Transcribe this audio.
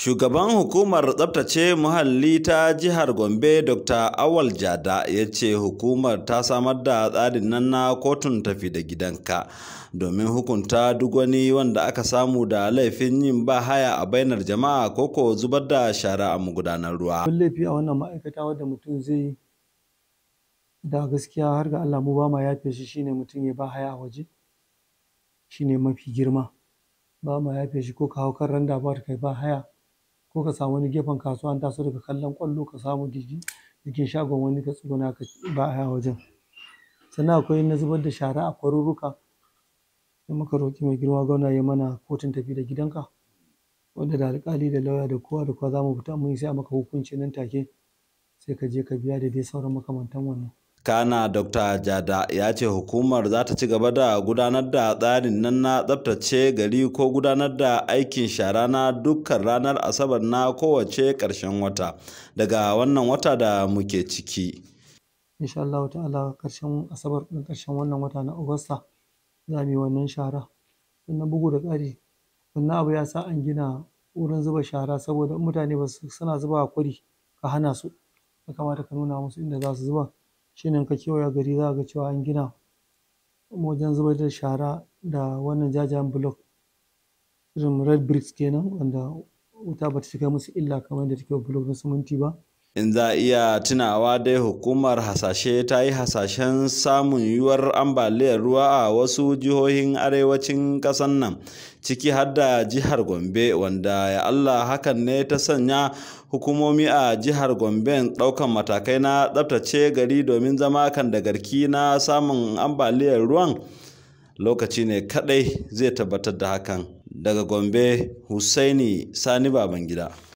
Shugaban hukumar tsabtace muhalli ta jihar Gombe Dr. Awal Jada ya ce hukumar ta samar da tsarin nan na kotun tafi da gidanka domin hukunta duk wani wanda aka samu da laifin yin ba haya a bainar jama'a ko ko zubar da shara a magudanar ruwa. laifi a wannan ma'aikata wadda mutum zai da gaskiya har ga Allah mu ba ma yafe shi shine mutum ya ba haya a waje shine mafi girma ba ma yafe shi ko ka hau kan randa ba ka ba haya. ko ka samu wani gefen kasuwa an taso daga kallon kwallo ka samu jiki jikin shagon wani ka tsoro na ba a wajen sannan akwai na zubar da shara a kwaruruka da muka roƙi mai girma gwamna ya mana kotun tafi da gidanka wanda da alƙali da lauya da kowa da kowa za mu fita mun sai a maka hukunci nan take sai ka je ka biya da dai sauran makamantan wannan Kana Dr. Jada ya ce hukumar za ta ci gaba da gudanar da tsarin nan na tsabtace gari ko gudanar da aikin shara na dukkan ranar Asabar na kowace ƙarshen wata daga wannan wata da muke ciki. Insha Allah ta'ala ƙarshen Asabar ɗin ƙarshen wannan wata na Agusta za mu yi wannan shara. Sannan bugu da ƙari wannan abu ya sa an gina wurin zuba shara saboda mutane ba suna zuba a ka hana su. Ya kamata ka nuna musu inda za su zuba. ne in ka kewaya gari za ka ga cewa an gina wajen zubar da shara da wannan jajayen blok, irin red bricks kenan wanda wuta ba ta shiga musu illa kamar yadda take wa block na siminti ba in za iya tunawa dai hukumar hasashe ta yi hasashen samun yiwuwar ambaliyar ruwa a wasu jihohin arewacin ƙasar nan ciki har da jihar gombe wanda ya allah hakan ne ta sanya hukumomi a jihar gombe ɗaukan matakai na tsabtace gari domin zama kan da garki na samun ambaliyar ruwan lokaci ne kaɗai zai tabbatar da hakan daga gombe hussaini sani babangida